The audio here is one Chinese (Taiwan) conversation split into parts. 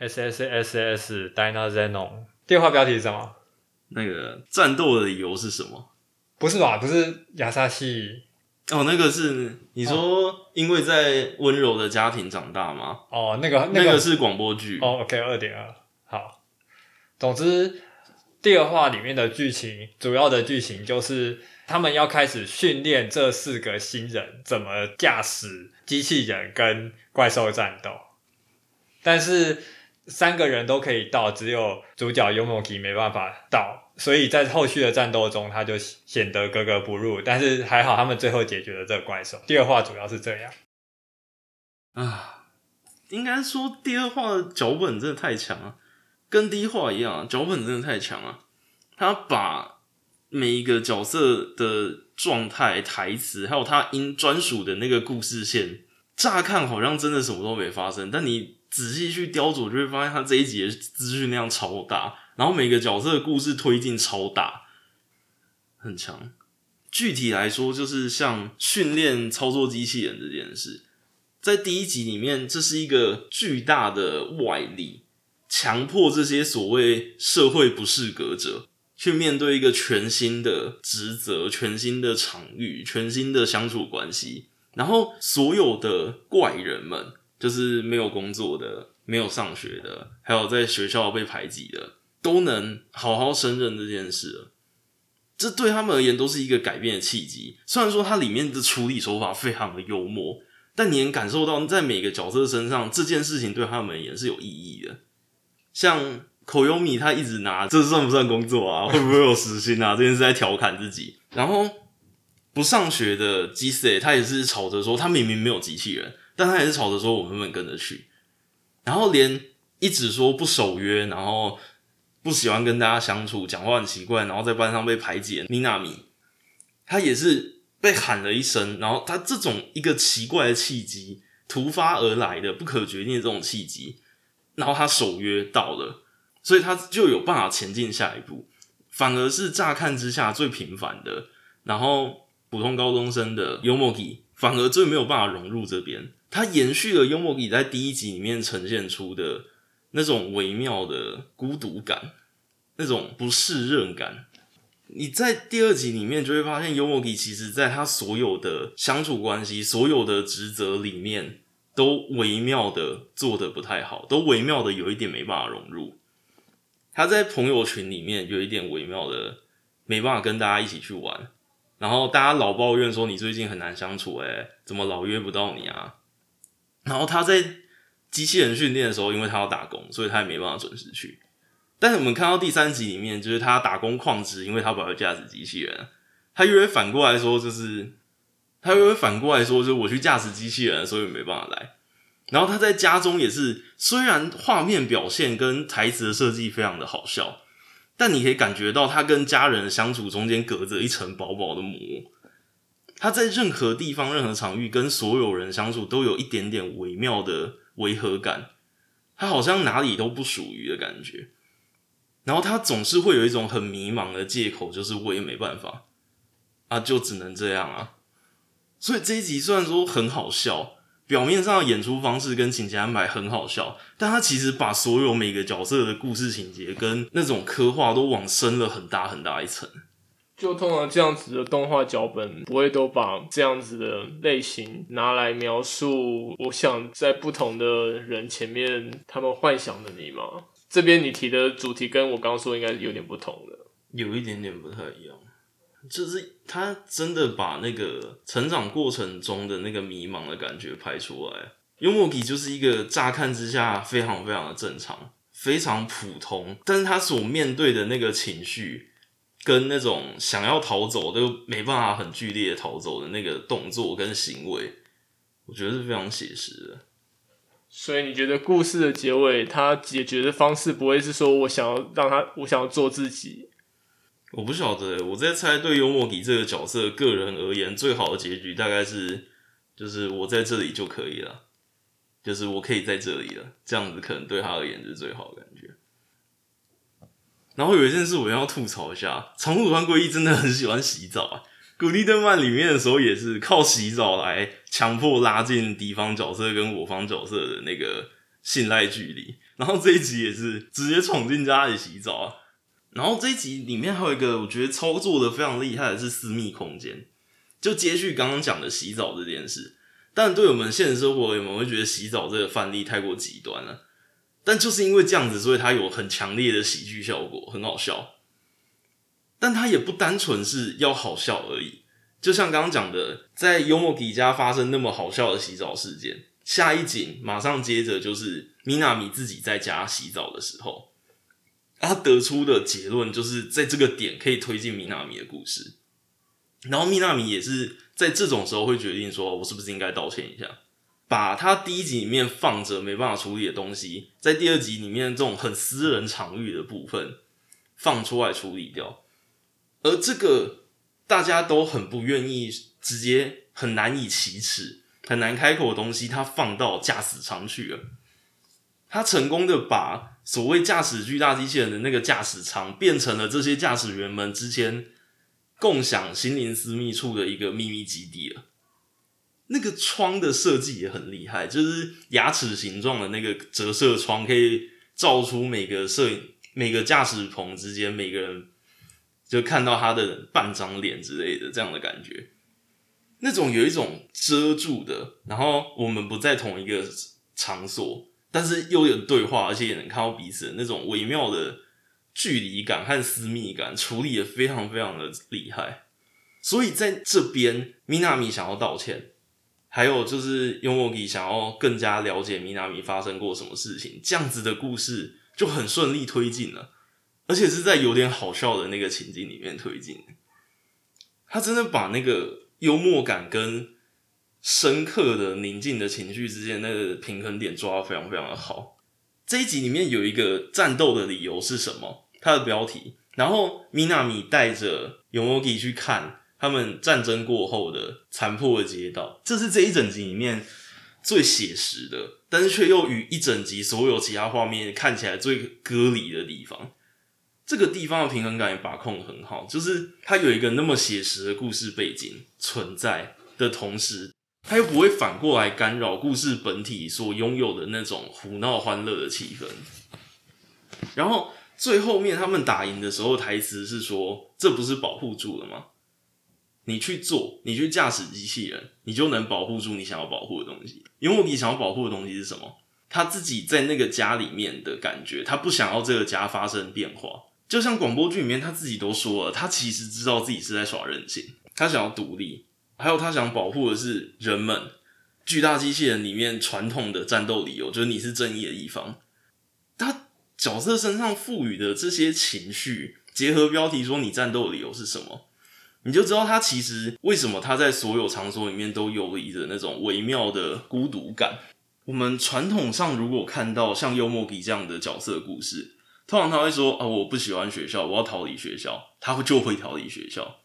SSSS.DYNAZENON 第二話標題是什麼？那個戰鬥的理由是什麼？不是吧？不是亞薩西哦，那個是你說，哦、因為在溫柔的家庭長大嗎？哦，那個、那個、那個是廣播劇哦。OK，二點二好。總之，第二話裡面的劇情，主要的劇情就是他們要開始訓練這四個新人怎麼駕駛機器人跟怪獸戰鬥，但是。三個人都可以到，只有主角 Yomogi 沒辦法到，所以在後續的戰鬥中他就顯得格格不入。但是還好他們最後解決了這個怪獸。第二話主要是這樣啊，應該說第二話的腳本真的太強了，跟第一話一樣，腳本真的太強了。他把每一個角色的狀態、台詞，還有他因專屬的那個故事線。乍看好像真的什麼都沒發生，但你仔細去雕琢，就會發現他這一集的資訊量超大，然後每個角色的故事推進超大，很強。具體來說，就是像訓練操作機器人這件事，在第一集裡面，這是一個巨大的外力，強迫這些所謂社會不適格者去面對一個全新的職責、全新的場域、全新的相處關係。然後，所有的怪人們，就是沒有工作的、沒有上學的，還有在學校被排擠的，都能好好勝任這件事了。這對他們而言都是一個改變的契機。雖然說它裡面的處理手法非常的幽默，但你能感受到在每個角色身上，這件事情對他們而言是有意義的。像 Koyomi，他一直拿 這算不算工作啊？會不會有私心啊？這件事在調侃自己。然後。不上學的 G C，他也是吵着說他明明沒有機器人，但他也是吵着說我們不能跟着去。然後連一直說不守約，然後不喜歡跟大家相處，講話很奇怪，然後在班上被排擠。米娜米，他也是被喊了一聲，然後他這種一個奇怪的契機，突發而來的不可決定的這種契機，然後他守約到了，所以他就有辦法前進下一步。反而是乍看之下最平凡的，然後。普通高中生的蓬反而最沒有辦法融入這邊。他延續了蓬在第一集裡面呈現出的那種微妙的孤獨感，那種不適任感。你在第二集裡面就會發現，蓬其實在他所有的相處關係、所有的職責裡面，都微妙的做得不太好，都微妙的有一點沒辦法融入。他在朋友群裡面有一點微妙的沒辦法跟大家一起去玩。然後大家老抱怨說，你最近很難相處，欸，哎，怎麼老約不到你啊？然後他在機器人訓練的時候，因為他要打工，所以他也沒辦法準時去。但是我們看到第三集裡面，就是他打工曠職，因為他不會駕駛機器人，他又會反過來說，就是他又會反過來說，就是我去駕駛機器人，所以沒辦法來。然後他在家中也是，雖然畫面表現跟台詞的設計非常的好笑。但你可以感覺到他跟家人相處中間隔着一層薄薄的膜，他在任何地方、任何場域跟所有人相處都有一點點微妙的違和感，他好像哪裡都不屬於的感覺。然後他總是會有一種很迷茫的借口，就是我也沒辦法啊，就只能這樣啊。所以這一集雖然說很好笑，表面上的演出方式跟情節安排很好笑，但他其實把所有每個角色的故事情節跟那種刻畫都往深了很大很大一層。就通常這樣子的動畫腳本不會都把這樣子的類型拿來描述。我想在不同的人前面，他們幻想的你嗎？這邊你提的主題跟我剛剛說應該有點不同的，有一點點不太一樣。就是他真的把那個成長過程中的那個迷茫的感覺拍出來。Yomogi 就是一個乍看之下非常非常的正常，非常普通，但是他所面對的那個情緒，跟那種想要逃走都沒辦法很劇烈的逃走的那個動作跟行為，我覺得是非常寫實的。所以你覺得故事的結尾，他解決的方式不會是說我想要讓他，我想要做自己？我不曉得，我在猜。對幽默帝這個角色個人而言，最好的結局大概是，就是我在這裡就可以了，就是我可以在這裡了，這樣子可能對他而言是最好的感覺。然後有一件事我要吐槽一下，長谷川圭一真的很喜歡洗澡啊！古力登曼裡面的時候也是靠洗澡來強迫拉近敵方角色跟我方角色的那個信賴距離，然後這一集也是直接闖進家裡洗澡啊！然後這一集裡面還有一個我覺得操作的非常厲害的是私密空間，就接續剛剛講的洗澡這件事，但對我們現實生活，有沒有會覺得洗澡這個範例太過極端了？但就是因為這樣子，所以它有很強烈的喜劇效果，很好笑。但它也不單純是要好笑而已，就像剛剛講的，在 Yomogi 家發生那麼好笑的洗澡事件，下一集馬上接着就是米娜米自己在家洗澡的時候。他得出的結論就是，在這個點可以推進米納米的故事。然後，米納米也是在這種時候會決定說：“我是不是應該道歉一下，把他第一集裡面放着沒辦法處理的東西，在第二集裡面這種很私人場域的部分，放出來處理掉。”而這個大家都很不願意、直接很難以啟齒、很難開口的東西，他放到駕駛艙去了。他成功的把所謂駕駛巨大機器人的那個駕駛艙，變成了這些駕駛員們之間共享心靈私密處的一個秘密基地了。那個窗的設計也很厲害，就是牙齒形狀的那個折射窗，可以照出每個攝影、每個駕駛棚之間每個人，就看到他的半張臉之類的這樣的感覺。那種有一種遮住的，然後我們不在同一個場所。但是又有點對話，而且也能看到彼此的那種微妙的距離感和私密感，處理的非常非常的厲害。所以在這邊，米納米想要道歉，還有就是幽默 i 想要更加了解米納米發生過什麼事情，這樣子的故事就很順利推進了，而且是在有點好笑的那個情境裡面推進。他真的把那個幽默感跟深刻的寧靜的情緒之間那個平衡點抓得非常非常的好。這一集裡面有一個戰鬥的理由是什麼？它的標題。然後，Minami 帶着 Yomogi 去看他們戰爭過後的殘破的街道，這是這一整集裡面最寫實的，但是卻又與一整集所有其他畫面看起來最隔離的地方。這個地方的平衡感也把控得很好，就是它有一個那麼寫實的故事背景存在的同時。他又不會反過來干擾故事本體所擁有的那種胡鬧歡樂的氣氛。然後最後面他們打贏的時候，台詞是說：“這不是保護住了嗎？你去做，你去駕駛機器人，你就能保護住你想要保護的東西。因為你想要保護的東西是什麼？他自己在那個家裡面的感覺，他不想要這個家發生變化。就像廣播劇裡面他自己都說了，他其實知道自己是在耍任性，他想要獨立。”還有他想保護的是人們。巨大機器人裡面傳統的戰鬥理由就是你是正義的一方。他角色身上賦予的這些情緒，結合標題說你戰鬥理由是什麼，你就知道他其實為什麼他在所有場所裡面都游離著那種微妙的孤獨感。我們傳統上如果看到像幽默比這樣的角色故事，通常他會說啊，我不喜歡學校，我要逃離學校，他會就會逃離學校，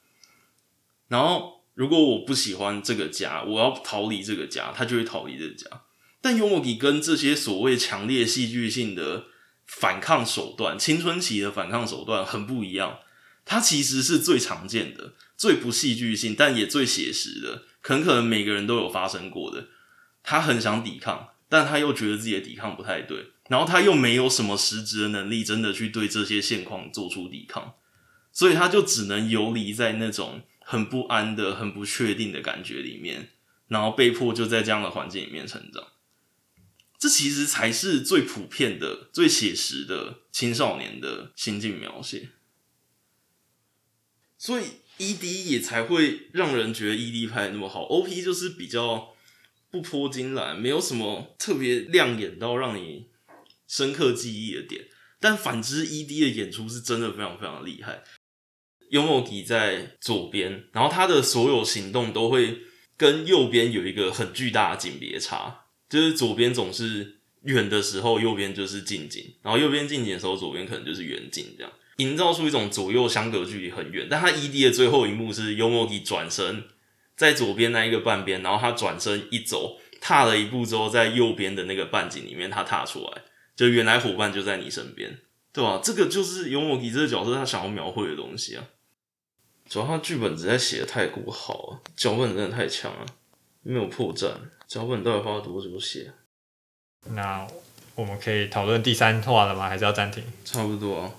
然後。如果我不喜歡這個家，我要逃離這個家，他就會逃離這個家。但幽默比跟這些所謂強烈戲劇性的反抗手段，青春期的反抗手段很不一樣。他其實是最常見的、最不戲劇性，但也最寫實的。可能可能每個人都有發生過的。他很想抵抗，但他又覺得自己的抵抗不太對，然後他又沒有什麼實質的能力，真的去對這些現況做出抵抗，所以他就只能游離在那種，很不安的，很不確定的感覺裡面，然後被迫就在這樣的環境裡面成長，這其實才是最普遍的，最寫實的青少年的心境描寫。所以 ED 也才會讓人覺得 ED 拍得那麼好，OP 就是比較不潑金藍，沒有什麼特別亮眼到讓你深刻記憶的點。但反之，ED 的演出是真的非常非常厲害。幽默迪在左邊，然後他的所有行動都會跟右邊有一個很巨大的景別差，就是左邊總是遠的時候，右邊就是近景，然後右邊近景的時候，左邊可能就是遠景，這樣營造出一種左右相隔距離很遠。但他 ED 的最後一幕是幽默迪轉身在左邊那一個半邊，然後他轉身一走，踏了一步之後，在右邊的那個半景裡面，他踏出來，就原來伙伴就在你身邊，對吧？啊？這個就是幽默迪這個角色他想要描繪的東西啊。主要他劇本實在寫得太過好了啊，腳本真的太強了，沒有破綻。腳本到底花了多久寫？那我們可以討論第三話了嗎？還是要暫停？差不多啊。